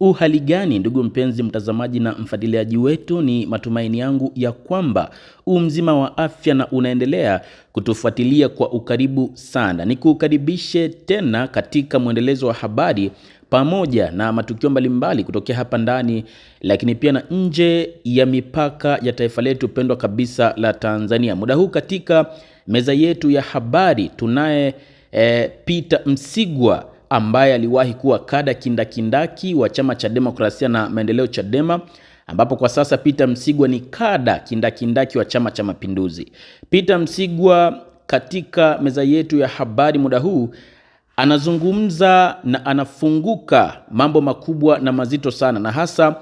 Uhali gani ndugu mpenzi mtazamaji na mfuatiliaji wetu, ni matumaini yangu ya kwamba u mzima wa afya na unaendelea kutufuatilia kwa ukaribu sana. Nikukaribishe tena katika mwendelezo wa habari pamoja na matukio mbalimbali kutokea hapa ndani, lakini pia na nje ya mipaka ya taifa letu pendwa kabisa la Tanzania. Muda huu katika meza yetu ya habari tunaye eh, Peter Msigwa ambaye aliwahi kuwa kada kindakindaki wa chama cha demokrasia na maendeleo Chadema, ambapo kwa sasa Peter Msigwa ni kada kindakindaki wa chama cha mapinduzi. Peter Msigwa katika meza yetu ya habari muda huu anazungumza na anafunguka mambo makubwa na mazito sana, na hasa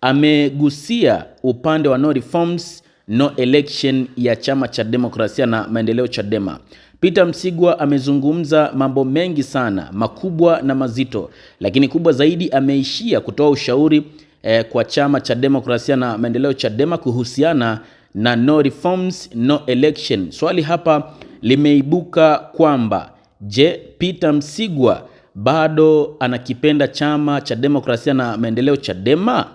amegusia upande wa no reforms no election ya chama cha demokrasia na maendeleo Chadema. Peter Msigwa amezungumza mambo mengi sana makubwa na mazito, lakini kubwa zaidi ameishia kutoa ushauri eh, kwa chama cha demokrasia na maendeleo Chadema kuhusiana na no reforms, no election. Swali hapa limeibuka kwamba je, Peter Msigwa bado anakipenda chama cha demokrasia na maendeleo Chadema?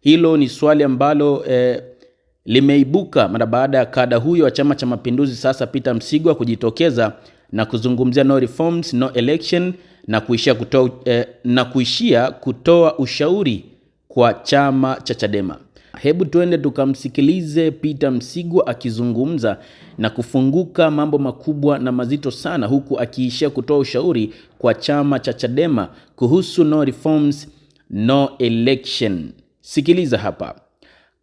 Hilo ni swali ambalo eh, limeibuka mara baada ya kada huyo wa Chama cha Mapinduzi sasa Peter Msigwa kujitokeza na kuzungumzia no reforms, no election na kuishia kutoa, eh, na kuishia kutoa ushauri kwa chama cha Chadema. Hebu tuende tukamsikilize Peter Msigwa akizungumza na kufunguka mambo makubwa na mazito sana, huku akiishia kutoa ushauri kwa chama cha Chadema kuhusu no reforms, no election. Sikiliza hapa.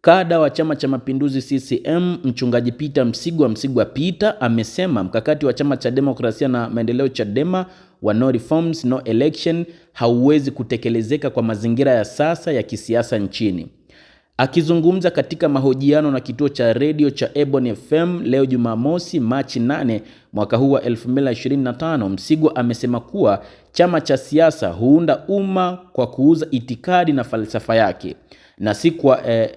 Kada wa Chama cha Mapinduzi CCM Mchungaji Peter Msigwa Msigwa Peter amesema mkakati wa Chama cha Demokrasia na Maendeleo Chadema wa no reforms no election hauwezi kutekelezeka kwa mazingira ya sasa ya kisiasa nchini. Akizungumza katika mahojiano na kituo cha redio cha Ebon FM leo Jumamosi Machi 8 mwaka huu wa 2025, Msigwa amesema kuwa chama cha siasa huunda umma kwa kuuza itikadi na falsafa yake na si kwa eh,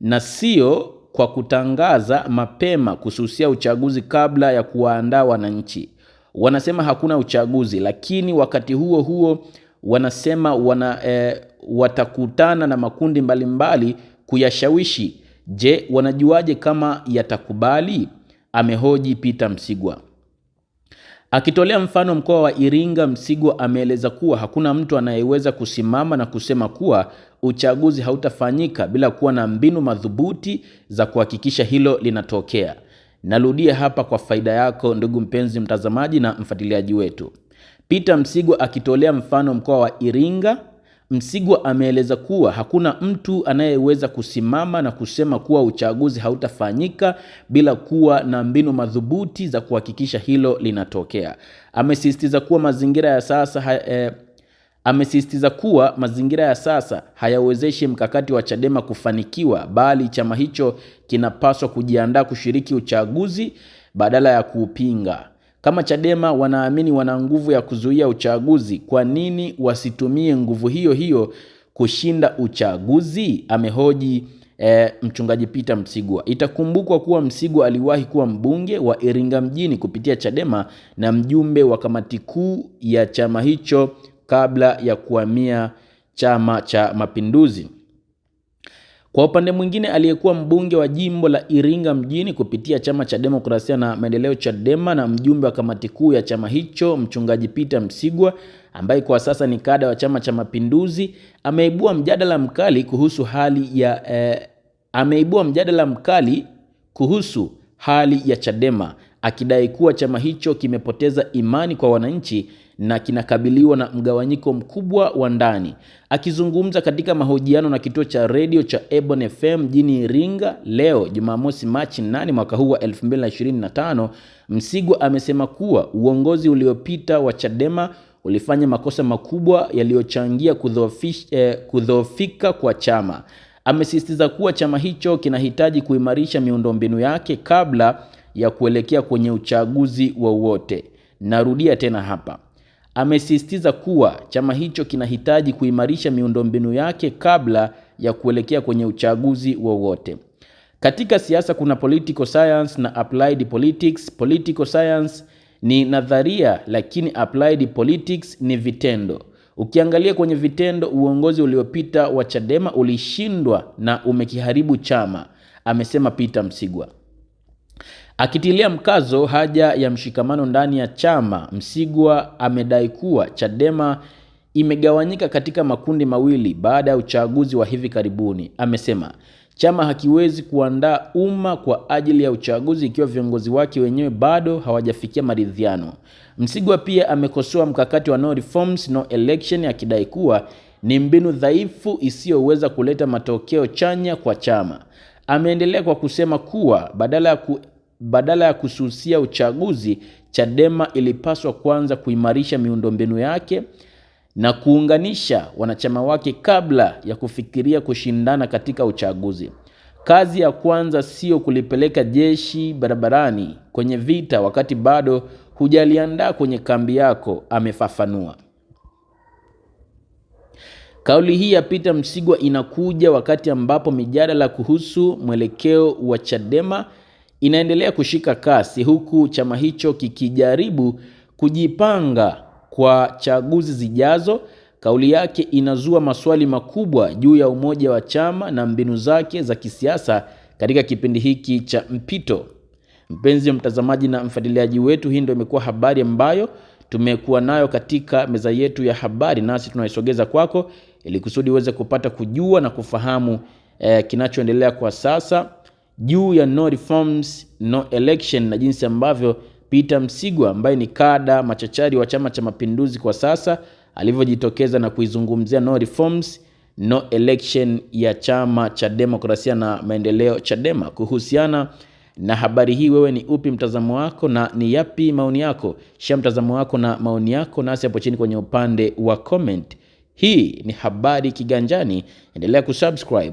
na sio kwa kutangaza mapema kususia uchaguzi kabla ya kuwaandaa wananchi. Wanasema hakuna uchaguzi, lakini wakati huo huo wanasema wana, e, watakutana na makundi mbalimbali mbali kuyashawishi. Je, wanajuaje kama yatakubali? Amehoji Peter Msigwa. Akitolea mfano mkoa wa Iringa, Msigwa ameeleza kuwa hakuna mtu anayeweza kusimama na kusema kuwa uchaguzi hautafanyika bila kuwa na mbinu madhubuti za kuhakikisha hilo linatokea. Narudia hapa kwa faida yako ndugu mpenzi mtazamaji na mfuatiliaji wetu. Peter Msigwa akitolea mfano mkoa wa Iringa Msigwa ameeleza kuwa hakuna mtu anayeweza kusimama na kusema kuwa uchaguzi hautafanyika bila kuwa na mbinu madhubuti za kuhakikisha hilo linatokea. Amesisitiza kuwa mazingira ya sasa ha, eh, amesisitiza kuwa mazingira ya sasa hayawezeshi mkakati wa Chadema kufanikiwa, bali chama hicho kinapaswa kujiandaa kushiriki uchaguzi badala ya kuupinga. Kama Chadema wanaamini wana nguvu ya kuzuia uchaguzi, kwa nini wasitumie nguvu hiyo hiyo kushinda uchaguzi? Amehoji e, mchungaji Peter Msigwa. Itakumbukwa kuwa Msigwa aliwahi kuwa mbunge wa Iringa mjini kupitia Chadema na mjumbe wa kamati kuu ya chama hicho kabla ya kuhamia Chama cha Mapinduzi. Kwa upande mwingine, aliyekuwa mbunge wa jimbo la Iringa mjini kupitia chama cha demokrasia na maendeleo Chadema na mjumbe wa kamati kuu ya chama hicho mchungaji Peter Msigwa ambaye kwa sasa ni kada wa Chama cha Mapinduzi ameibua mjadala mkali kuhusu hali ya eh, ameibua mjadala mkali kuhusu hali ya Chadema akidai kuwa chama hicho kimepoteza imani kwa wananchi na kinakabiliwa na mgawanyiko mkubwa wa ndani. Akizungumza katika mahojiano na kituo cha redio cha Ebon FM mjini Iringa leo Jumamosi, Machi 8 mwaka huu wa 2025, Msigwa amesema kuwa uongozi uliopita wa Chadema ulifanya makosa makubwa yaliyochangia eh, kudhoofika eh, kwa chama. Amesisitiza kuwa chama hicho kinahitaji kuimarisha miundombinu yake kabla ya kuelekea kwenye uchaguzi wowote. Narudia tena hapa, Amesisitiza kuwa chama hicho kinahitaji kuimarisha miundombinu yake kabla ya kuelekea kwenye uchaguzi wowote. Katika siasa kuna political science na applied politics. Political science ni nadharia, lakini applied politics ni vitendo. Ukiangalia kwenye vitendo, uongozi uliopita wa Chadema ulishindwa na umekiharibu chama, amesema Peter Msigwa. Akitilia mkazo haja ya mshikamano ndani ya chama, Msigwa amedai kuwa Chadema imegawanyika katika makundi mawili baada ya uchaguzi wa hivi karibuni. Amesema chama hakiwezi kuandaa umma kwa ajili ya uchaguzi ikiwa viongozi wake wenyewe bado hawajafikia maridhiano. Msigwa pia amekosoa mkakati wa no reforms no election, akidai kuwa ni mbinu dhaifu isiyoweza kuleta matokeo chanya kwa chama. Ameendelea kwa kusema kuwa badala ya ku badala ya kususia uchaguzi, Chadema ilipaswa kwanza kuimarisha miundombinu yake na kuunganisha wanachama wake kabla ya kufikiria kushindana katika uchaguzi. Kazi ya kwanza sio kulipeleka jeshi barabarani kwenye vita wakati bado hujaliandaa kwenye kambi yako, amefafanua. Kauli hii ya Peter Msigwa inakuja wakati ambapo mijadala kuhusu mwelekeo wa Chadema inaendelea kushika kasi huku chama hicho kikijaribu kujipanga kwa chaguzi zijazo. Kauli yake inazua maswali makubwa juu ya umoja wa chama na mbinu zake za kisiasa katika kipindi hiki cha mpito. Mpenzi wa mtazamaji na mfuatiliaji wetu, hii ndio imekuwa habari ambayo tumekuwa nayo katika meza yetu ya habari, nasi tunaisogeza kwako ili kusudi uweze kupata kujua na kufahamu eh, kinachoendelea kwa sasa juu ya no reforms no election na jinsi ambavyo Peter Msigwa ambaye ni kada machachari wa Chama cha Mapinduzi kwa sasa alivyojitokeza na kuizungumzia no reforms no election ya Chama cha Demokrasia na Maendeleo Chadema. Kuhusiana na habari hii, wewe ni upi mtazamo wako na ni yapi maoni yako? Shia mtazamo wako na maoni yako nasi hapo chini kwenye upande wa comment. Hii ni habari Kiganjani, endelea kusubscribe